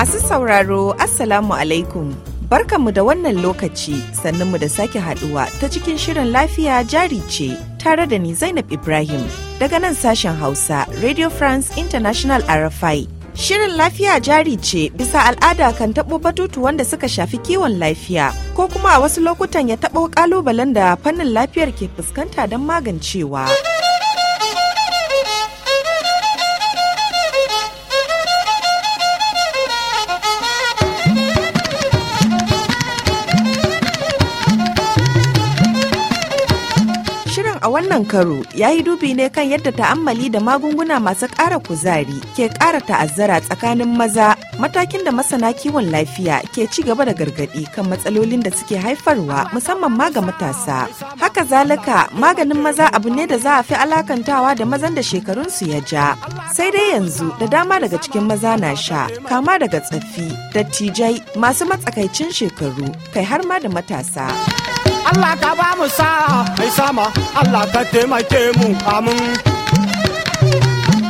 Masu sauraro, Assalamu alaikum. Barkanmu da wannan lokaci sannunmu da sake haduwa ta cikin shirin lafiya jari ce tare da ni Zainab Ibrahim daga nan sashen Hausa Radio France International RFI. Shirin lafiya jari ce bisa al'ada kan taɓo batutu wanda suka shafi kiwon lafiya ko kuma a wasu lokutan ya taɓo ƙalubalen da fannin lafiyar ke fuskanta don magancewa. wannan karo ya yi dubi ne kan yadda ta'ammali da magunguna masu ƙara kuzari ke ƙara ta'azzara tsakanin maza matakin da masana kiwon lafiya ke ci gaba da gargaɗi kan matsalolin da suke haifarwa musamman ma ga matasa. Haka zalika maganin maza abu ne da za a fi alakantawa da mazan da shekarunsu ya ja. Sai dai yanzu da dama daga cikin maza na sha kama daga tsaffi, dattijai masu matsakaicin shekaru kai har ma da matasa. Allah ka ba mu sa'a mai sama Allah ka taimake mu amin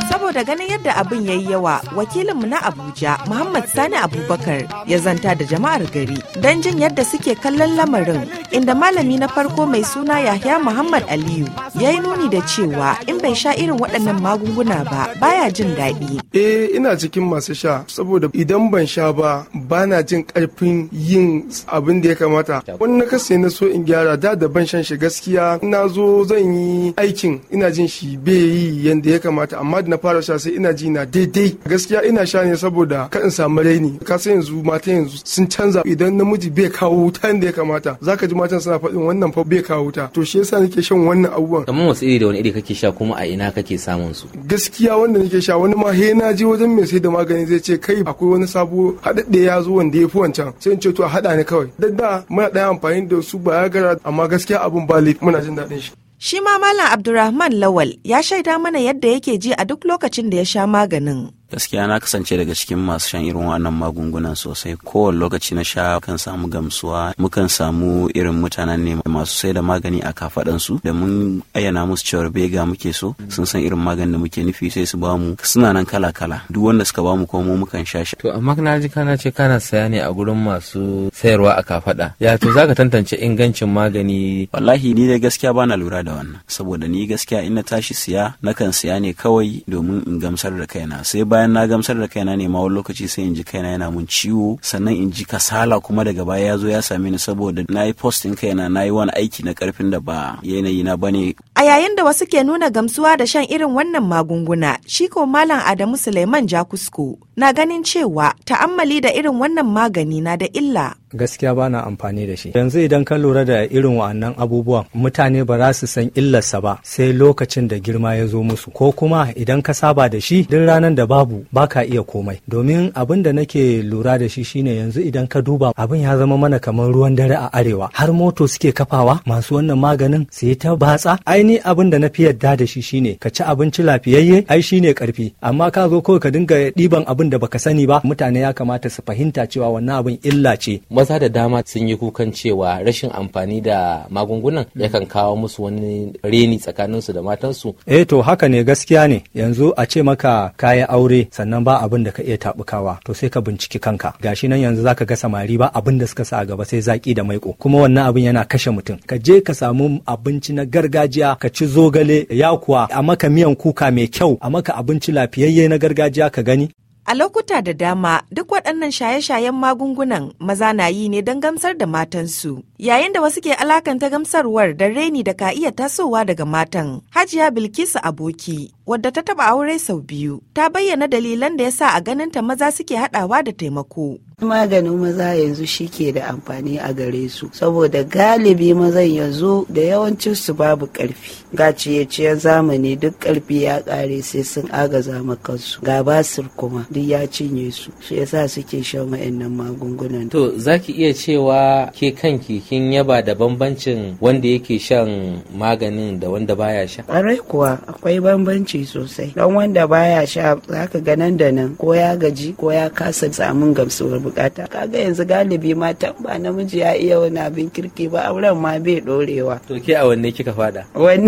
saboda ganin yadda abin ya yi yawa wakilinmu na abuja muhammad sani abubakar ya zanta da jama'ar gari don jin yadda suke kallon lamarin inda malami na farko mai suna Yahya Muhammad Aliyu ya yi nuni da cewa in bai sha irin waɗannan magunguna ba baya jin daɗi. Eh ina cikin masu sha saboda idan ban sha ba bana jin ƙarfin yin abin da ya kamata. Wani na kasa na so in gyara da da ban shan shi gaskiya ina zo zan yi aikin ina jin shi bai yi yanda ya kamata amma da na fara sha sai ina ji na daidai gaskiya ina sha ne saboda ka in samu raini ka yanzu mata yanzu sun canza idan namiji bai kawo wuta da ya kamata zaka ji matan suna faɗin wannan fa bai kawo ta to shi yasa nake shan wannan abubuwan amma wasu iri da wani iri kake sha kuma a ina kake samun su gaskiya wanda nake sha wani ma he na je wajen mai sai da magani zai ce kai akwai wani sabo haɗaɗɗe ya zo wanda ya fi wancan sai in ce to a haɗa ni kawai duk da muna ɗaya amfani da su ba ya gara amma gaskiya abun ba laifi muna jin daɗin shi Shi ma Malam Abdulrahman Lawal ya shaida mana yadda yake ji a duk lokacin da ya sha maganin. gaskiya na kasance daga cikin masu shan irin wannan magungunan sosai kowane lokaci na sha kan samu gamsuwa mukan samu irin mutanen ne masu sai da magani a kafadansu da mun ayyana musu cewar bega muke so sun san irin maganin da muke nufi sai su bamu suna nan kala kala duk wanda suka bamu ko mu mukan sha shi to amma kana ji kana ce kana saya ne a gurin masu sayarwa a kafaɗa. ya to zaka tantance ingancin magani wallahi ni dai gaskiya bana lura da wannan saboda ni gaskiya in na tashi siya nakan siya ne kawai domin in gamsar da kaina sai bayan na gamsar da kaina ne ma wani lokaci sai in ji kaina yana mun ciwo sannan in ji kasala kuma daga baya ya zo ya same ni saboda na yi postin kaina na yi wani aiki na karfin da ba yanayi na bane a yayin da wasu ke nuna gamsuwa da shan irin wannan magunguna shi ko malam Adamu Suleiman Jakusko na ganin cewa ta'ammali da irin wannan magani na da illa gaskiya bana amfani da shi yanzu idan ka lura da irin wa'annan abubuwan mutane ba za su san illarsa ba sai lokacin da girma ya zo musu ko kuma idan ka saba da shi duk ranar da babu baka iya komai domin abin da nake lura da shi shine yanzu idan ka duba abin ya zama mana kamar ruwan dare a arewa har moto suke kafawa masu wannan maganin su yi ta batsa aini abin da na fi yadda da shi shine ka ci abinci lafiyayye ai shine karfi amma ka zo kawai ka dinga ɗiban abin da baka sani ba mutane ya kamata su fahimta cewa wannan abin illa ce maza da dama sun yi kukan cewa rashin amfani da magungunan hmm. ya kan kawo musu wani reni tsakaninsu da matansu eh to haka ne gaskiya ne yanzu a ce maka kayan aure sannan ba abin da ka iya tabukawa to sai ka binciki kanka gashi nan yanzu zaka ga samari ba abin da suka sa a gaba sai zaki da maiko kuma wannan abin yana kashe mutum ka je ka samu abinci na gargajiya ka ci zogale ya kuwa a maka miyan kuka mai kyau a maka abinci lafiyayye na gargajiya ka gani A lokuta da dama duk waɗannan shaye-shayen magungunan maza na yi ne don gamsar da matansu, yayin da wasu ke alakanta gamsarwar da reni da ka iya tasowa daga matan. Hajiya Bilkisu Aboki, wadda ta taɓa aure sau biyu, ta bayyana dalilan da ya sa a ganinta maza suke haɗawa da taimako. maganin maza yanzu shi ke da amfani a gare su saboda galibi mazan yanzu da yawancin su babu karfi ga ciye zamani duk karfi ya kare sai sun agaza ma kansu ga basir kuma duk ya cinye su shi yasa suke shan wayannan magungunan to zaki iya cewa ke kanki kin yaba da bambancin wanda yake shan maganin da wanda baya sha ƙwarai kuwa akwai bambanci sosai don wanda baya sha zaka ga nan da nan ko ya gaji ko ya kasa samun gamsuwar bukata kaga yanzu galibi mata ba namiji ya iya wani abin kirki ba auren ma bai dorewa to ke a wanne kika fada wanne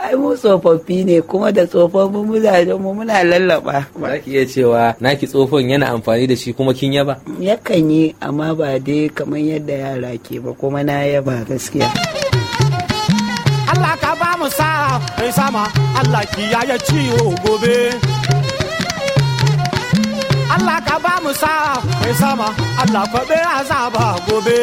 ai mu tsofaffi ne kuma da tsofaffin mazajen mu muna lallaba za ki iya cewa naki tsofon yana amfani da shi kuma kin yaba yakan yi amma ba dai kamar yadda yara ke ba kuma na yaba gaskiya Allah ka ba mu sa sama Allah kiyaye ciwo gobe Allah ka ba mu sa mai sama Allah kwaɓe azaba gobe.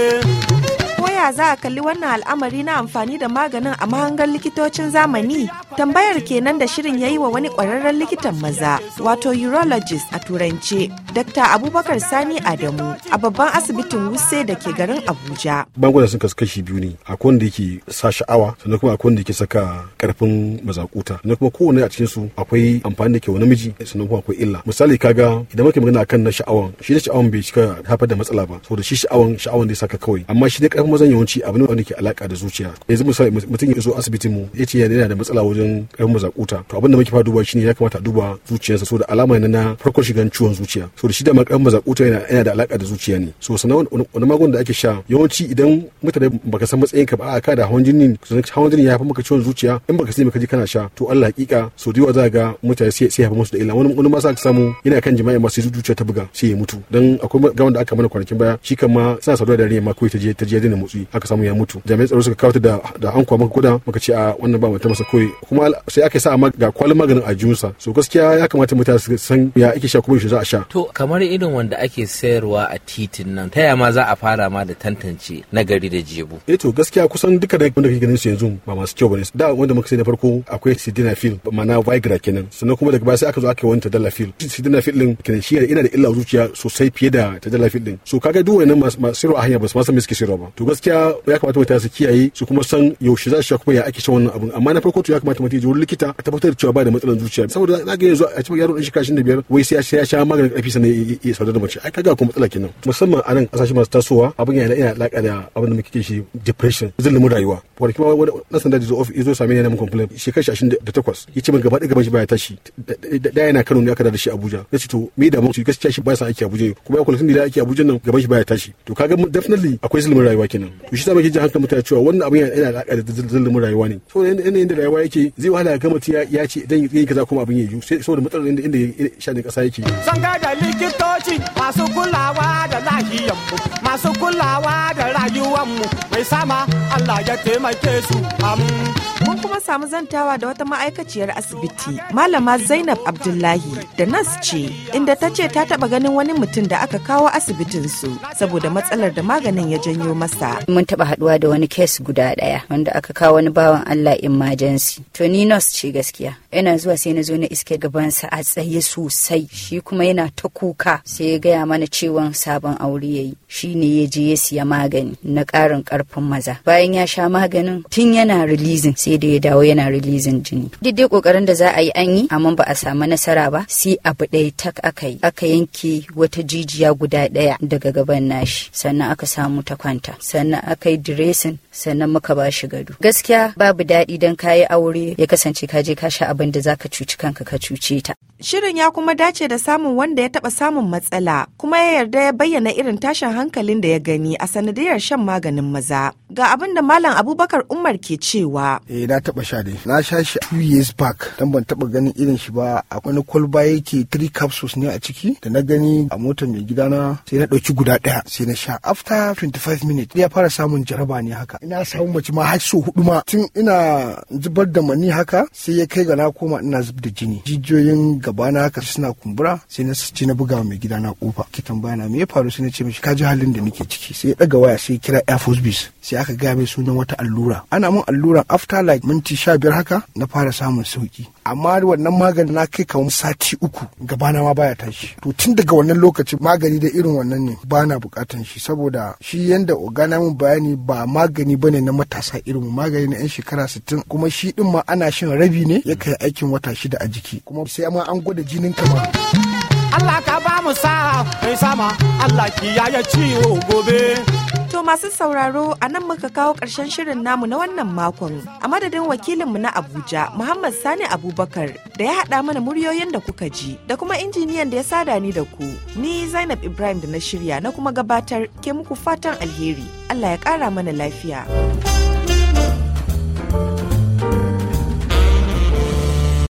koya za a kalli wannan al'amari na amfani da maganin a mahangar likitocin zamani tambayar kenan da shirin ya yi wa wani kwararren likitan maza wato urologist a turance dr abubakar sani adamu a babban asibitin wuse da ke garin abuja magungunan sun kasu kashi biyu ne akwai wanda yake sa sha'awa sannan kuma akwai wanda yake saka karfin mazakuta sannan kuma kowane a cikin su akwai amfani da ke wa namiji sannan kuma akwai illa misali kaga idan muke magana akan na sha'awan shi da sha'awan bai cika haifar da matsala ba saboda shi sha'awan sha'awan da ya saka kawai amma shi ne karfin kuma zan yawanci abu ne wanda ke alaka da zuciya yanzu misali mutum ya zo asibitin mu ya ce yana da matsala wajen karfin mazakuta to abin da muke fara duba shine ya kamata a duba zuciyarsa so da alama ne na farkon shigan ciwon zuciya so da shi da karfin mazakuta yana yana da alaka da zuciya ne so sannan wani magun da ake sha yawanci idan mutane baka san matsayin ka ba a ka da hawan jini hawan jini ya fi maka ciwon zuciya in baka sani ka ji kana sha to Allah hakika so da yawa za ga mutane sai sai fi musu da illa wani wani ma sa ka samu yana kan jima'i ma sai zuciya ta buga sai ya mutu dan akwai gawan da aka mana kwanakin baya shi kan ma suna saduwa da rai ma kawai ta je ta je motsi aka samu ya mutu jami'an tsaro suka kawo ta da da an kwa maka kuda muka ce a wannan ba mutum masa koyi kuma sai aka sa ga kwalin maganin a junsa so gaskiya ya kamata mutane su san ya ake sha kuma yaushe za a sha to kamar irin wanda ake sayarwa a titin nan ta ma za a fara ma da tantance na gari da jebu eh to gaskiya kusan duka da wanda kake ganin su yanzu ba masu kyau bane da wanda muka sai na farko akwai sildenafil ma'ana viagra kenan sannan kuma daga baya sai aka zo aka wani tadalafil sildenafil din kenan shi yana da illa zuciya sosai fiye da tadalafil din so kaga duk wannan masu sirwa a hanya ba su ma san me suke ba to gaskiya ya kamata mutane su kiyaye su kuma san yaushe za su sha kuma ya ake shan wannan abun amma na farko to ya kamata mutum ya je wurin likita a tabbatar da cewa ba da matsalar zuciya saboda na ga yanzu a cikin yaro din shekara 25 wai sai ya sha maganin karfi sannan ya saudar da mace ai kaga kuma matsala kenan musamman a nan kasashe masu tasowa abin yana yana alaka da abin da muke shi depression zulumin rayuwa wanda kuma wani dan sanda da zo zo same ni na mun complain shekara 28 yace min gaba ɗaya gaban shi baya tashi da yana Kano ne aka da shi Abuja yace to me da mu gaskiya shi baya san aiki Abuja kuma ya kula tun da aiki Abuja nan gaba shi baya tashi to kaga definitely akwai zulumin rayuwa kenan kenan shi sa muke jin hankalin mutane cewa wannan abin yana da alaka da zulumin rayuwa ne saboda yanayin da rayuwa yake zai wahala ga mutum ya ce idan yin kaza kuma abin yayi yi saboda matsalar inda inda shanin kasa yake san ga da likitoci masu kulawa da lahiyar mu masu kulawa da rayuwar mu mai sama Allah ya taimake su amin mun kuma samu zantawa da wata ma'aikaciyar asibiti malama zainab abdullahi da nas ce inda ta ce ta taba ganin wani mutum da aka kawo asibitin su saboda matsalar da maganin ya janyo masa mun taba haduwa da wani kes guda daya wanda aka kawo wani bawan allah majansi to ni nas ce gaskiya yana zuwa sai na zo na iske gabansa a tsaye sosai shi kuma yana ta kuka sai ya gaya mana cewa sabon aure yayi shi ne ya je ya siya magani na karin karfin maza bayan ya sha maganin tun yana releasing sai da ya dawo yana releasing jini duk dai kokarin da za a yi an yi amma ba a samu nasara ba sai abu ɗaya tak aka yi aka yanke wata jijiya guda ɗaya daga gaban nashi sannan aka samu ta kwanta sannan aka yi dressing sannan muka ba shi gado gaskiya babu daɗi don kayi aure ya kasance ka je ka sha abin da zaka cuci kanka ka cuce ta shirin ya kuma dace da samun wanda ya taɓa samun matsala kuma ya yarda ya bayyana irin tashin hankalin da ya gani a sanadiyar shan maganin maza ga abin da malam abubakar umar ke cewa eh, eh na taba sha dai na sha shi two years back dan ban taba ganin irin shi ba akwai na kwalba yake three capsules ne a ciki da na gani a motar mai gida na sai na dauki guda daya sai na sha after 25 minutes ya fara samun jaraba ne haka ina samun mace ma har so hudu ma tun ina zubar da mani haka sai ya kai ga na koma ina zub da jini jijiyoyin gaba na haka suna kumbura sai na ci na buga mai gida na kofa ki tambaya na me ya faru sai na ce mishi ka halin da nake ciki sai ya daga waya sai kira air force base sai aka gaya mai sunan wata allura ana mun alluran after akalla minti sha biyar haka na fara samun sauki amma wannan maganin na kai kamar sati uku gabana ma baya tashi to tun daga wannan lokacin magani da irin wannan ne ba na bukatan shi saboda shi yanda ogana mun bayani ba magani bane na matasa irin magani na yan shekara sittin kuma shi din ma ana shin rabi ne ya kai aikin wata shida a jiki kuma sai ma an gwada jinin kama Allah ka ba mu sa sama Allah ki ciwo gobe To masu sauraro a nan muka kawo ƙarshen shirin namu na wannan makon. A madadin wakilinmu na Abuja, Muhammad Sani Abubakar da ya haɗa mana muryoyin da kuka ji da kuma injiniyan da ya sada ni da ku. Ni Zainab Ibrahim da na shirya na kuma gabatar ke muku fatan alheri. Allah ya ƙara mana lafiya.